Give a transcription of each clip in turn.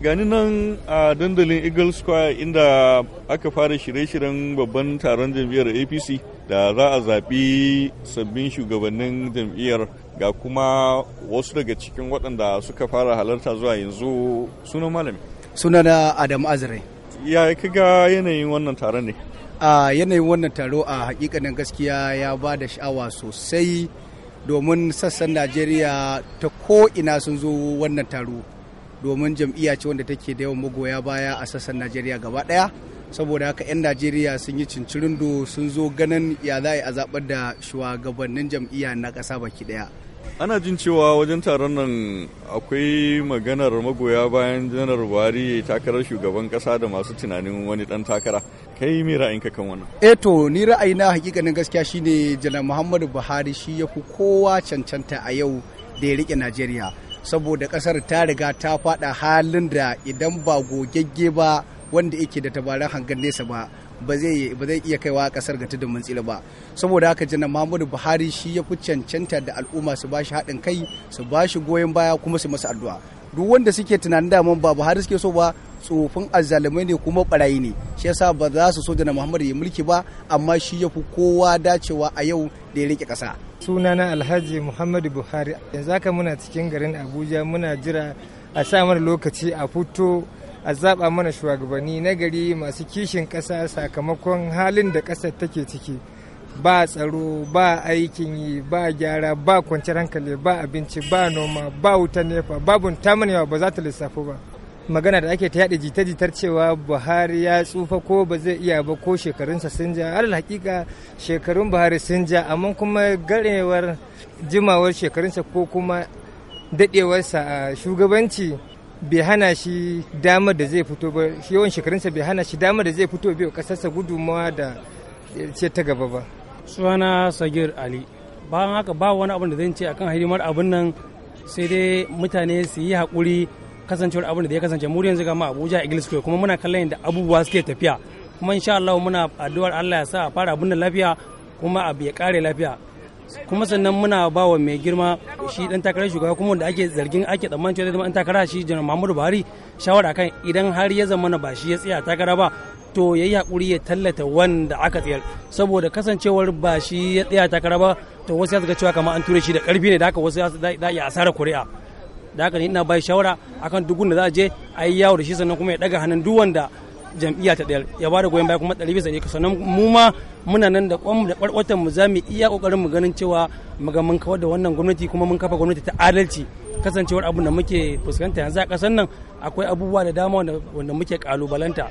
gani nan a dandalin eagle square inda aka fara shirye-shiryen babban taron jam'iyyar apc da za a zaɓi sabbin shugabannin jam'iyyar ga kuma wasu daga cikin waɗanda suka fara halarta zuwa yanzu sunan malami sunan adam azare ya yi kaga yanayin wannan taron ne a yanayin wannan taro a hakikanin gaskiya ya ba da sha'awa sosai domin sassan najeriya ta ko ina sun zo wannan taro domin jam'iyya ce wanda take da yawan magoya baya a sassan najeriya gaba daya saboda haka 'yan najeriya sun yi cincirindo sun zo ganin ya za a zaɓar da shugabannin jam'iyya na ƙasa baki daya ana jin cewa wajen taron nan akwai maganar magoya bayan janar buhari takarar shugaban kasa da masu tunanin wani dan takara kai mai ra'ayinka kan wannan eh to ni ra'ayina hakikanin gaskiya shine janar muhammadu buhari shi ya fi kowa cancanta a yau da ya rike najeriya saboda kasar ta riga ta fada halin da idan ba gogegge ba wanda yake da tabaran hangar nesa ba ba zai iya kaiwa kasar ga tudun mun tsira ba saboda haka jana Muhammadu Buhari shi ya fi cancanta da al'umma su bashi haɗin kai su bashi goyon baya kuma su masa addu'a duk wanda suke tunanin daman ba Buhari suke so ba tsofin azzalumai ne kuma barayi ne shi yasa ba za su so jana Muhammadu ya mulki ba amma shi ya fi kowa dacewa a yau da ya rike ƙasa sunana alhaji muhammadu buhari yanzu haka muna cikin garin abuja muna jira a sa mana lokaci a fito a zaba mana shugabanni na gari masu kishin kasa sakamakon halin da ƙasar take ciki ba tsaro ba aikin yi ba gyara ba kwanciyar hankali ba abinci ba noma ba wutan nefa babun tamanewa ba za ta lissafo ba magana da ake ta yaɗa jita-jitar cewa buhari ya tsufa ko ba zai iya ba ko shekarunsa sun ja alal hakika shekarun buhari sun ja amma kuma garewar jimawar shekarunsa ko kuma daɗewarsa a shugabanci bai hana shi damar da zai fito ba yawan shekarunsa bai hana shi damar da zai fito bai kasarsa gudunmawa da ce ta gaba ba suna sagir ali bayan haka ba wani abin da zan ce akan hidimar abin nan sai dai mutane su yi haƙuri kasancewar abin da ya kasance mu yanzu ga mu Abuja Eagles Square kuma muna kallon da abubuwa suke tafiya kuma insha Allah muna addu'ar Allah ya sa a fara abin da lafiya kuma abu ya kare lafiya kuma sannan muna ba wa mai girma shi dan takarar shugaba kuma wanda ake zargin ake tsammanin cewa zama dan takara shi janar Muhammadu Buhari shawara kan idan har ya zama ba shi ya tsaya takara ba to yayi hakuri ya tallata wanda aka tsayar saboda kasancewar ba shi ya tsaya takara ba to wasu ya ga cewa kamar an ture shi da karfi ne da haka wasu za asara kuri'a da haka ne ina bai shawara akan duk da za a je a yi yawo da shi sannan kuma ya daga hannun duk wanda jam'iyya ta ɗayar ya bada goyon baya kuma ɗari bisa ɗari sannan mu ma muna nan da kwan da kwarkwatan mu za mu iya kokarin mu ganin cewa mu ga mun kawar da wannan gwamnati kuma mun kafa gwamnati ta adalci kasancewar abin da muke fuskanta yanzu a ƙasar nan akwai abubuwa da dama wanda muke kalubalanta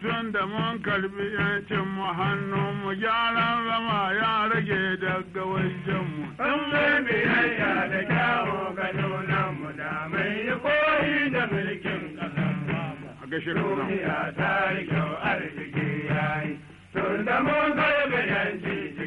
tun da mun karbi yancin mu hannu mu gyaran zama ya rage daga wajen mu. Sun mai biyayya da kyawo ga nunan mu da mai yi koyi da mulkin ƙasar mu. Duniya ta yi kyau arziki yayi. Tun da mun karbi yancin